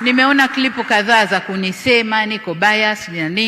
Nimeona klipu kadhaa za kunisema niko bias na nini.